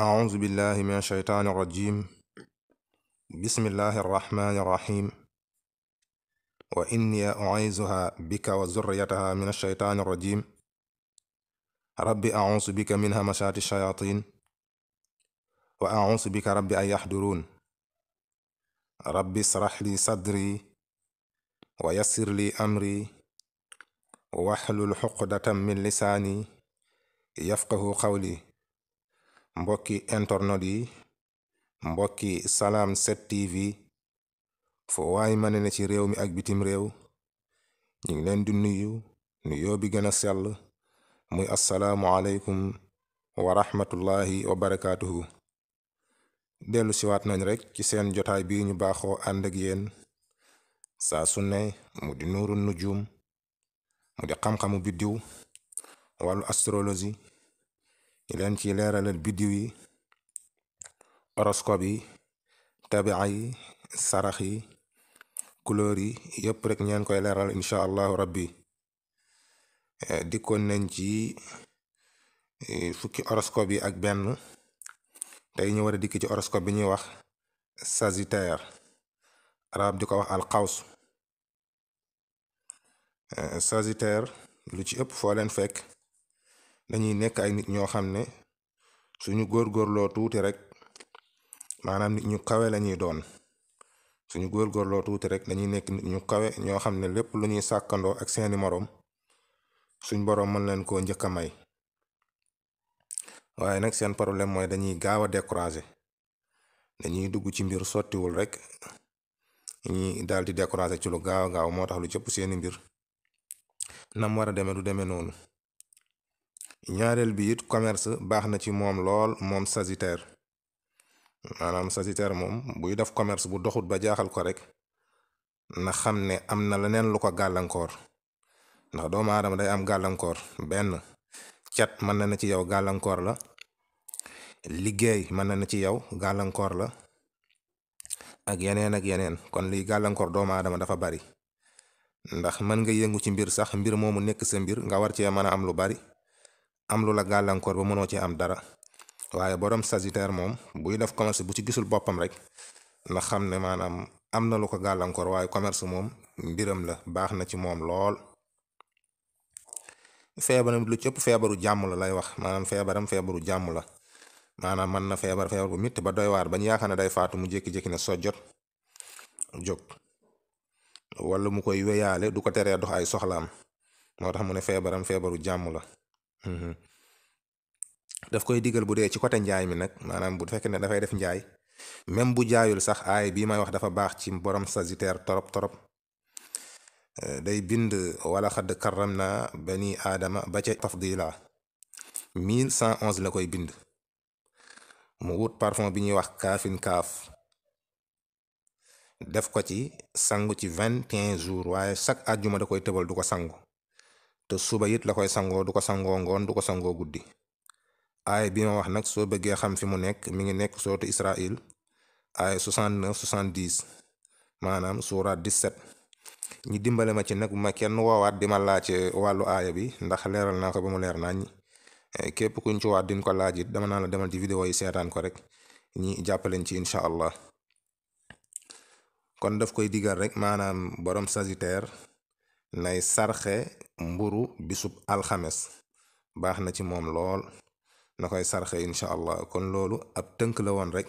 أعوذ بالله من الشيطان الرجيم بسم الله الرحمن الرحيم وإني أعيذها بك وذريتها من الشيطان الرجيم ربي أعوذ بك من همسات الشياطين وأعوذ بك ربي أن يحضرون ربي اشرح لي صدري ويسر لي أمري واحلل عقدة من لساني يفقه قولي mbokki internet yi mbokki salaam 7 tv fo waay ma ci réew mi ak bitim réew ñu ngi leen di nuyu nuyoo bi gën a sell muy assalaamu aleykum wa rahmatullahi wa barakaatuhu dellu siwaat nañ rek ci seen jotaay bi ñu baaxoo ànd yéen saa su ne mu di nuuru nujum mu di xam-xamu biddiw wàllu astrologi ñu leen ci leeralal biddiw yi horoscope yi tabia yi sarax yi couleur yi yëpp rek ñeen koy leeral incha allahu rabbi eh, dikkoon nañ ci eh, fukki horoscope yi ak benn tey ñu war dikk ci horoscope bi ñuy wax sagittaire arab di ko wax alxaws eh, sagittaire lu ci ëpp foo leen fekk dañuy nekk ay nit ñoo xam ne suñu góorgóorloo tuuti rek maanaam ñu kawe la doon suñu góorgóorloo tuuti rek dañuy nekk ñu kawe ñoo xam ne lépp lu ñuy sàkkandoo ak seeni moroom suñ boroom mën leen koo njëkk a may waaye nag seen problème mooy dañuy gaaw a décourager dañuy dugg ci mbir sottiwul rek ñi daal di décourager ci lu gaaw gaaw moo tax lu cëpp seeni mbir nam war a demee du demee noonu ñaareel bi it commerce baax na ci moom lool moom sagittaire maanaam sagittaire moom buy def commerce bu doxut ba jaaxal ko rek na xam ne am na leneen lu ko gàllankoor ndax doomu aadama day am gàllankoor benn cet mën na na ci yow gàllankoor la liggéey mën na na ci yow gàllankoor la ak yeneen ak yeneen kon liy gàllankoor doomu aadama dafa bari ndax mën nga yëngu ci mbir sax mbir moomu nekk sa mbir nga war cee mën a am lu bari am lu la gàllankoor ba mënoo ci am dara waaye borom sagittaire moom buy def commerce bu ci gisul boppam rek ndax xam ne maanaam am na lu ko gàllankoor waaye commerce moom mbiram la baax na ci moom lool. feebaram lu ci ëpp feebaru jàmm la lay wax maanaam feebaram feebaru jàmm la maanaam mën na feebar feebar bu mitt ba doy waar bañ yaakaar ne day faatu mu jékki-jékki ne sojjot jóg wala mu koy wéyaale du ko teree dox ay soxlaam moo tax mu ne feebaram feebaru jàmm la. Mhm. daf koy digal bu dee ci côté njaay mi nag maanaam bu fekkee ne dafay def njaay même bu jaayul sax aay bii may wax dafa baax ci borom Sagittaire torop torop eh, day bind wala xadd karram naa bani aadama ba ca cent 1111 la koy bind mu wut parfum bi ñuy wax kaafin kaaf def ko ci sangu ci 21 jours waaye chaque at juma da koy tëbal du ko sangu te suba it la koy sangoo du ko sangoo ngoon du ko sangoo guddi aaya bi ma wax nag soo bëggee xam fi mu nekk mi ngi nekk sootu Israël aaya 69 70 maanaam suura 17 ñi dimbale ma ci nag ma kenn woowaat di ma laajte wàllu aaya bi ndax leeral naa ko ba mu leer nañ eh, képp kuñ ci waat din ko laaj it dama naa la demal ci video yi seetaan ko rek ñi jàppaleen ci incha allah kon daf koy digal rek maanaam borom Sagittaire nay sarxe mburu bisub alxames baax na ci moom lool na koy sarxe incha allah kon loolu ab tënk la woon rek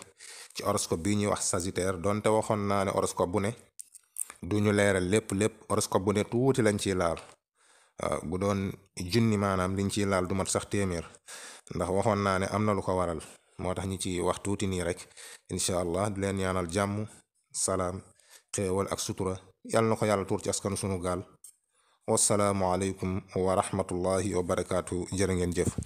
ci horoscope bi ñuy wax sagittaire donte waxoon naa ne horoscope bu ne du ñu leeral lépp lépp horoscope bu ne tuuti lañ ciy laal bu doon junni maanaam liñ ciy laal du mat sax téeméer ndax waxoon naa ne am na lu ko waral moo tax ñu ci wax tuuti nii rek incha allah di leen ñaanal jàmm salaam xéewal ak sutura yàlla na ko yàlla tuur ci askanu sunu gaal wasalaamualeykum wa rahmatullahi wa barakaatu jërë ngeen jëf.